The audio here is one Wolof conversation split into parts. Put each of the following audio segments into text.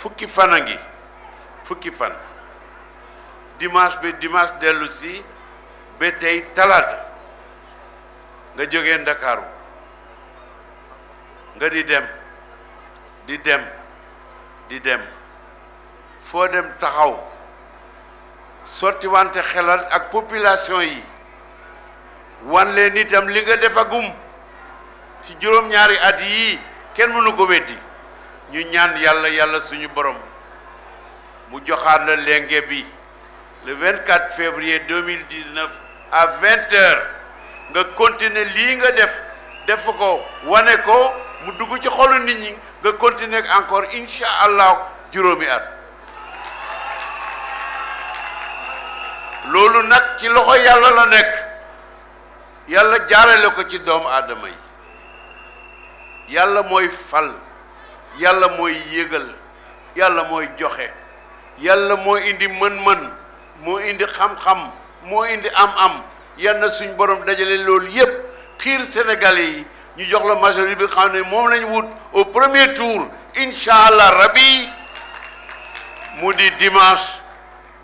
fukki fan a ngi fukki fan dimanche bi dimanche dellu si ba tey talaata nga jóge ndakaaru nga di dem di dem di dem foo dem taxaw sotti wante xelal ak population yi wan leen itam li nga defagum ci juróom-ñaari at yii kenn mënu ko weddi ñu ñaan yàlla yàlla suñu borom mu joxaat la lenge bi le 24 février 2019 à 20 heures nga continuer lii nga def def ko wane ko mu dugg ci xolu nit ñi nga continuer encore incha allah juróomi at loolu nag ci loxo yàlla la nekk yàlla jaarale ko ci doomu aadama yi yàlla mooy fal yalla moy yégal yalla moy joxe yalla moy indi mën-mën moo indi xam-xam moo indi am-am yalla na suñ borom dajale yep, yépp xiir Sénégalais yi ñu jox la majorité bi xam ne lañ wut au premier tour incha allah rabi mu dimas, dimanche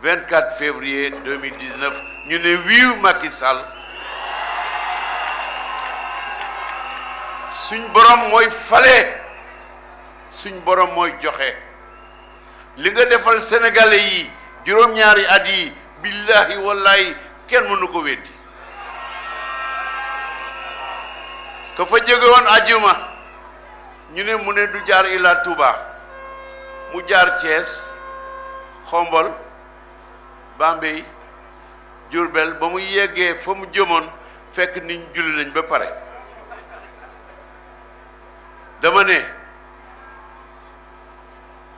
24 février 2019 ñu ne wiiw Macky Sall suñ borom mooy fale suñ borom mooy joxe li nga defal sénégalais yi juróom-ñaari at yi billahi wallahi kenn mënu ko weddi ka fa jóge woon ajuma ñu ne mu ne du jaar illaa Touba mu jaar cees xombol Bambey jurbel ba mu yeggee fa mu jëmoon fekk nit ñu julli nañ ba pare dama ne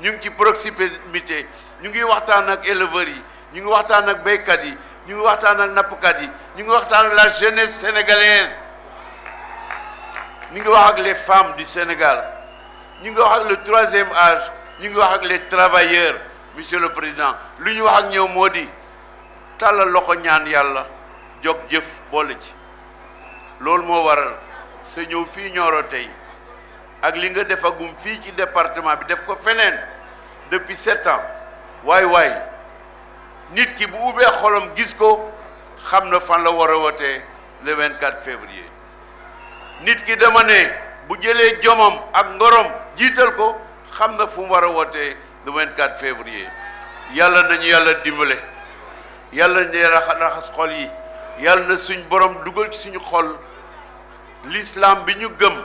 nous ngi ci proximité ñu ngi waxtaan ak éleveur yi ñu ngi waxtaan ak avons ñu waxtaan ak nappkat ñu ngi waxtaan ak la jeunesse sénégalaise ñu ngi wax les femmes du Sénégal ñu ngi wax le troisième âge ñu ngi wax les travailleurs monsieur le président lu ñu wax ak ñoom moo di tàllal loxo ñaan yàlla jog jëf boole ci loolu moo waral ak li nga defagum fii ci département bi def ko feneen depuis sept waay waay nit ki bu ubbee xolam gis ko xam na fan la war a wootee le 24 février nit ki dama ne bu jëlee jomam ak ngorom jiital ko xam na fu war a wootee le 24 février yàlla nañu yàlla dimbale yàlla ne raxas xol yi yàlla na suñ borom dugal ci suñu xol l'islam bi ñu gëm